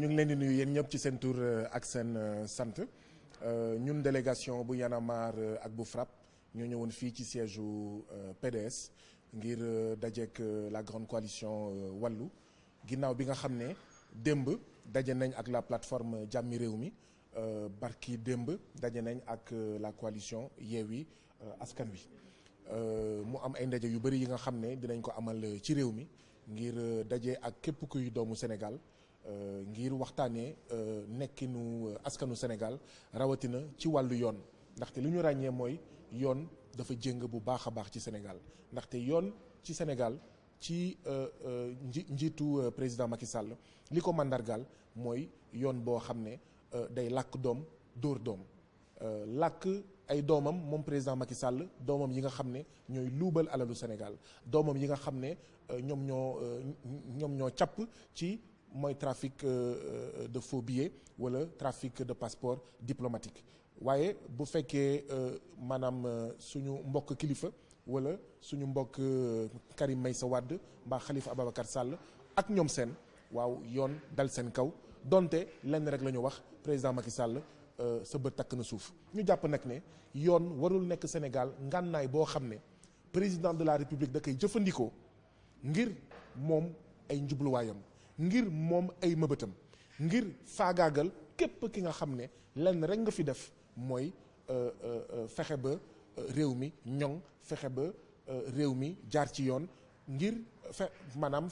ñu ngi leen di nuyu yéen ñëpp ci seen tur euh, ak seen euh, sant euh, ñun délégation bu Y'en a ak bu FRAPP ñoo ñëwoon fii ci siège PDS ngir dajeek la grande coalition wàllu ginnaaw bi nga xam ne démb daje nañ ak la plateforme jàmmi réew mi barki démb daje nañ ak la coalition Yewwi askan wi mu am ay ndaje yu bëri yi nga xam ne dinañ ko amal ci réew mi ngir euh, daje ak képp kuy doomu Sénégal euh, ngir waxtaanee euh, nekkinu askanu Sénégal rawatina ci wàllu yoon ndaxte li ñu ràññee mooy yoon dafa jëng bu baax a baax ci Sénégal ndaxte yoon ci Sénégal ci nji njiitu président Macky Sall li ko màndargaal mooy yoon boo xam ne day làkk doom dóor doom làkk ay doomam moom président Macky Sall doomam yi nga xam ne ñooy luubal alalu Sénégal doomam yi nga xam ne euh, ñoom ñoo euh, ñoom ñoo càpp ci mooy trafic euh, de faux wala trafic de passeport diplomatique waaye bu fekkee maanaam suñu mbokk kilifa wala suñu mbokk Karim Meïssa Wade mbaa Khalifa Ababacar Sall ak ñoom seen waaw yoon dal seen kaw donte lenn rek la ñu wax président Macky Sall Euh, sa bët takk na suuf ñu jàpp nag ne yoon warul nekk Sénégal ngànnaay boo xam ne président de la république da koy jëfandikoo ngir moom ay njubluwaayam ngir moom ay mëbëtam ngir faagaagal képp ki nga xam ne lenn rek nga fi def mooy euh, euh, fexe ba réew mi ñoŋ fexe ba réew mi jaar ci yoon ngir fe maanaam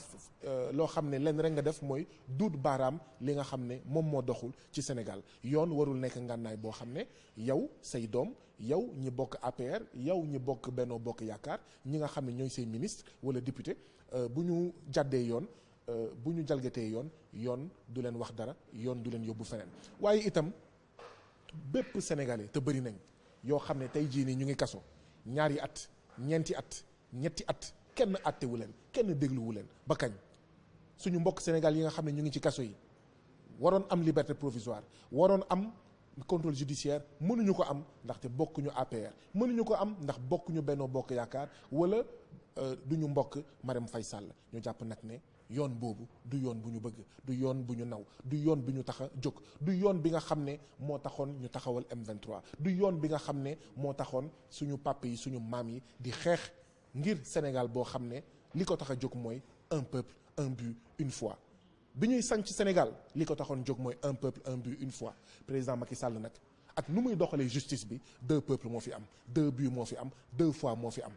euh, loo xam ne leen rek nga def mooy duut baaraam li nga xam ne moom moo doxul ci Sénégal yoon warul nekk ngànnaay boo xam ne yow say doom yow ñi bokk APR yow ñi bokk Benno Bokk Yaakaar ñi nga xam ne ñooy say ministre wala député euh, bu ñu jàddee yoon euh, bu ñu jalgatee yoon yoon du leen wax dara yoon du leen yóbbu feneen waaye itam bépp sénégalais te bëri nañ yoo xam ne tey jii nii ñu ngi kaso ñaari at ñeenti at ñetti at kenn àttewu leen kenn dégluwu leen ba kañ suñu mbokk Sénégal yi nga xam ne ñu ngi ci kaso yi waroon am liberté provisoire waroon am contrôle judiciaire mënuñu ko am ndaxte bokkuñu APR mënuñu ko am ndax bokkuñu Benno Bokk Yaakaar wala euh, duñu mbokk Marème fay Sall ñu jàpp nag ne yoon boobu du yoon bu ñu bëgg du yoon bu ñu naw du yoon bu ñu tax a jóg du yoon bi nga xam ne moo taxoon ñu taxawal M23 du yoon bi nga xam ne moo taxoon suñu papa yi suñu maam yi di xeex ngir Sénégal boo xam ne li ko tax a jóg mooy un peuple un but une fois bi ñuy sanc Sénégal li ko taxoon jóg mooy un peuple but une fois président Macky Sall nag ak nu muy doxalee justice bi deux peuples moo fi am deux buts moo fi am deux fois moo fi am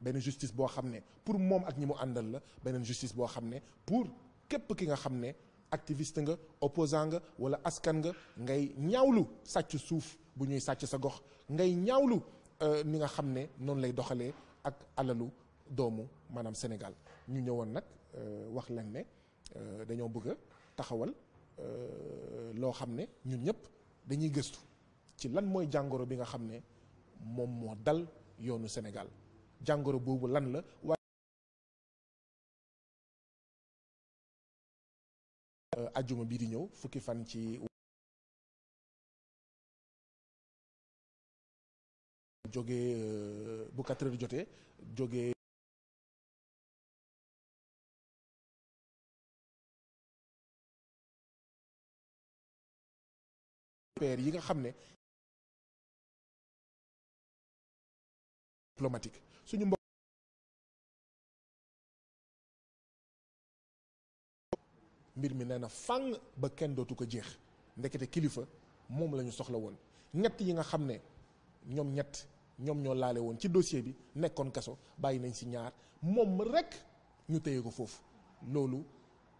benn justice boo xam ne pour moom ak ñi mu àndal la beneen justice boo xam ne pour képp ki nga xam ne activiste nga opposant nga wala askan nga ngay ñawlu sàcc suuf bu ñuy sàcc sa gox ngay ñaawlu euh, ni nga xam ne noonu lay doxalee ak alalu doomu maanaam senegal ñu ñëwoon nag euh, wax leen ne euh, dañoo bëgg a taxawal euh, loo xam ne ñun ñëpp dañuy gëstu ci lan mooy jàngoro bi nga xam ne moom moo dal yoonu Sénégal jàngoro boobu lan la waaye jógee euh, bu 4 heures jotee jógee. paire yi nga xam ne. diplomatique suñu mbokk mbir mi nee na ba kenn dootu ko jeex ndekete kilifa moom lañu ñu soxla woon ñett yi nga xam ne ñoom ñett. ñoom ñoo laale woon ci dossier bi nekkoon kaso bàyyi nañ si ñaar moom rek ñu téye ko foofu loolu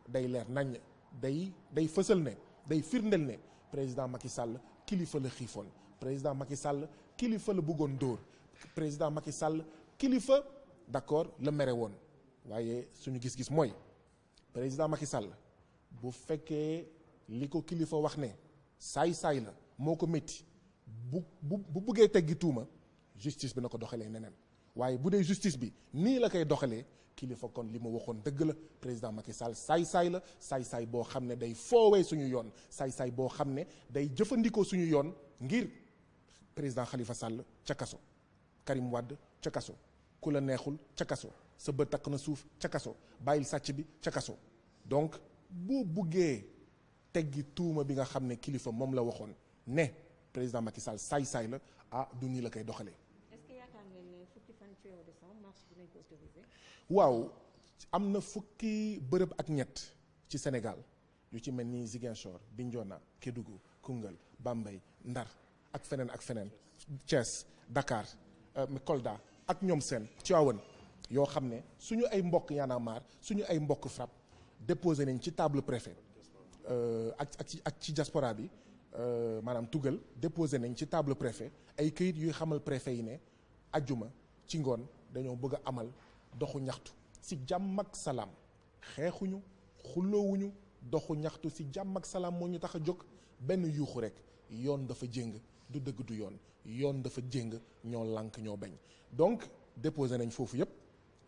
day leer nañ day day fësal ne day firndel ne président Macky Sall kilifa la xiifoon président Macky Sall kilifa la bëggoon dóor président Macky Sall kilifa d'accord la mere woon waaye suñu gis-gis mooy président Macky Sall bu fekkee li ko kilifa wax ne saay-saay la moo ko métti bu bu bu bëggee teggi tuuma justice bi na ko doxalee neneen waaye bu dee justice bi nii la koy doxalee kilifa kon li ma waxoon dëgg la président Macky Sall saay-saay la saay-saay boo xam ne day foowee suñu yoon saay-saay boo xam ne day jëfandikoo suñu yoon ngir président Khalifa Sall ca kaso Karim wàdd ca kaso ku la neexul ca kaso sa bët takk na suuf ca kaso bàyyil sàcc bi ca kaso donc boo buggee teggi tuuma bi nga xam ne kilifa moom la waxoon ne président Macky Sall saay-saay la ah du nii la koy doxalee waaw am na fukki bërëb ak ñett ci Sénégal yu ci mel ni Ziguinchor Bignona Kédougou Koungheul bambay Ndar ak feneen ak feneen Thiès Dakar euh, Kolda ak ñoom seen Tivaouane yoo xam ne suñu ay mbokk Y'en a marre suñu ay mbokk FRAPP déposé nañ ci table préfet euh, ak ak ci jaspora ci diaspora bi euh, maanaam tugal déposé nañ ci table préfet ay këyit yuy xamal préfet yi ne ajjuma ci ngoon dañoo bëgg a amal doxu ñaxtu si jàmm ak salaam xeexuñu xulloowuñu doxu ñaxtu si jàmm ak salaam moo ñu tax a jóg benn yuuxu rek yoon dafa jéng du dëgg du yoon yoon dafa jéng ñoo lànk ñoo bañ donc déposé nañ foofu yépp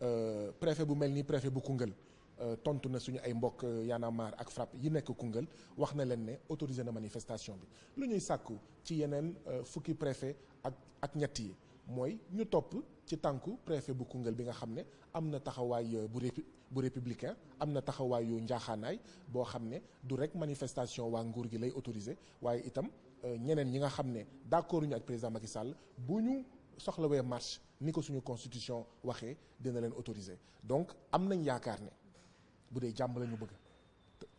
euh, préfet bu mel ni préfet bu Koungheul euh, tontu na suñu ay mbokk euh, Y'en ak FRAPP yi nekk Koungheul wax na leen ne autorisé na manifestation bi lu ñuy sàkku ci yeneen fukki préfet ak ak ñett yi mooy ñu topp ci tànku préfet bu Koungheul bi nga xam ne am na taxawaay euh, bu répu bu républicain am na taxawaay yu njaaxaanaay boo xam ne du rek manifestation waa nguur gi lay autorisé waaye itam euh, ñeneen ñi nga xam ne d'accord ñu ak président Macky sàll bu ñu soxlawee marche ni ko suñu constitution waxee dina leen autorisé donc am nañ yaakaar ne bu dee jàmm lañu bëgg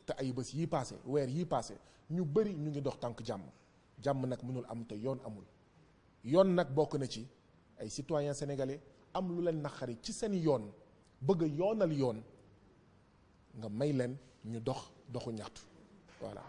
te ay bés yii passé weer yii passé ñu bëri ñu ngi dox tànk jàmm jàmm nag mënul am te yoon amul yoon nag bokk na ci ay citoyens sénégalais am lu leen naqari ci seen yoon bëgg a yoonal yoon nga may leen ñu dox doxu ñaxtu voilà.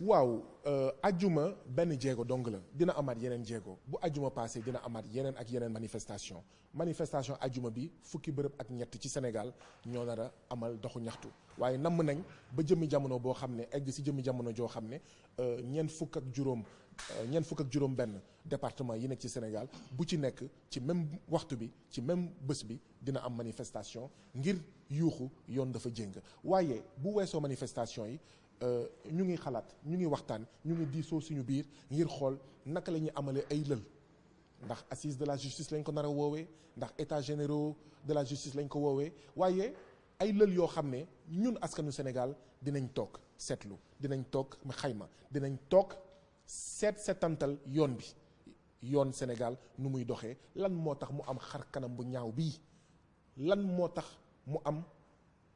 waaw euh, ajjuma benn jéego dong la dina amaat yeneen jéego bu ajjuma passé dina amaat yeneen ak yeneen manifestation manifestation ajjuma bi fukki bërëb ak ñett ci Sénégal ñoo nar a amal doxu ñaxtu waaye namm nañ ba jëmmi jamono boo xam ne egg si jëmmi jamono joo xam ne euh, ñeent fukk ak juróom euh, ñeent fukk ak juróom benn département yi nekk ci Sénégal bu ci nekk ci même waxtu bi ci même bés bi dina am manifestation ngir yuuxu yoon dafa jéng waaye bu weesoo manifestation yi euh, ñu ngi xalaat ñu ngi waxtaan ñu ngi soo suñu biir ngir xool naka la ñuy amalee ay lël ndax assise de la justice lañ ko nar woowee ndax état générau de la justice lañ ko woowee ay lël yoo xam ne ñun askanu Sénégal dinañ toog seetlu dinañ toog xayma dinañ toog seet setantal yoon bi yoon Sénégal nu muy doxee lan moo tax mu am xar kanam bu ñaaw bii lan moo tax mu am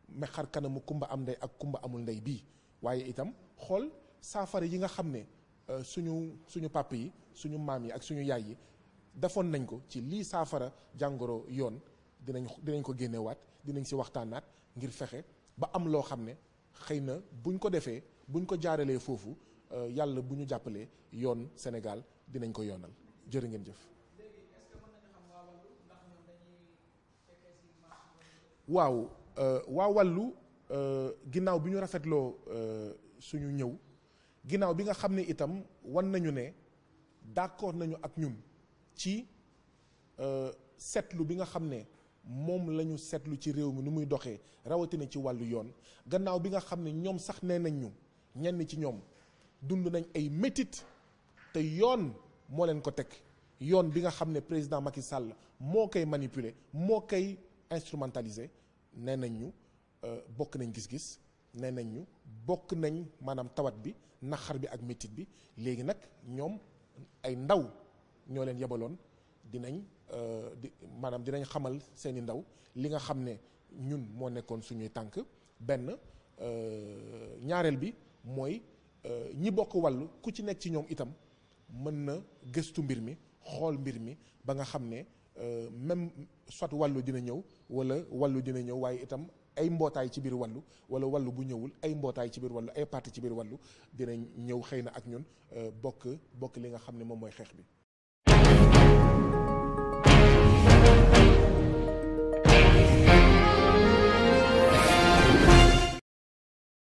mais xar kanamu kumba am ndey ak kumba amul ndey bii waaye itam xool saafara yi nga xam ne euh, suñu suñu pàpp yi suñu maam yi ak suñu yaay yi defoon nañ ko ci lii saafara jàngoro yoon dinañ dinañ ko génnewaat dinañ si waxtaanaat ngir fexe ba am loo xam ne xëy na buñ ko defee buñ ko jaaralee foofu euh, yàlla bu ñu jàppalee yoon Sénégal dinañ ko yoonal jërë ngeen jëf. waaw euh, waa wàllu euh, ginnaaw bi ñu rafetloo suñu ñëw ginnaaw bi nga xam ne itam wan nañu ne d'accord nañu ak ñun ci seetlu bi nga xam ne moom la ñu seetlu ci réew mi nu muy doxee rawatina ci wàllu yoon gannaaw bi nga xam ne ñoom sax nee nañ ñu ñenn ci ñoom dund nañ ay métit te yoon moo leen ko teg yoon bi nga xam ne président Macky Sall moo koy manipuler moo koy instrumentaliser nee nañ ñu euh, bokk nañ gis-gis nee nañ ñu bokk nañ maanaam tawat bi naxar bi ak métit bi léegi nag ñoom ay ndaw ñoo leen yebaloon dinañ Euh, di maanaam dinañ xamal seeni ndaw li nga xam ne ñun moo nekkoon suñuy tànk benn euh, ñaareel bi mooy euh, ñi bokk wàllu ku ci nekk ci ñoom itam mën na gëstu mbir mi xool mbir mi ba nga xam ne même soit wàllu dina ñëw wala wàllu dina ñëw waaye itam ay mbootaay ci biir wàllu wala wallu bu ñëwul ay mbootaay ci biir wàllu ay parti ci biir wàllu dina ñëw xëy na ak ñun bokk bokk li nga xam ne moom mooy xeex bi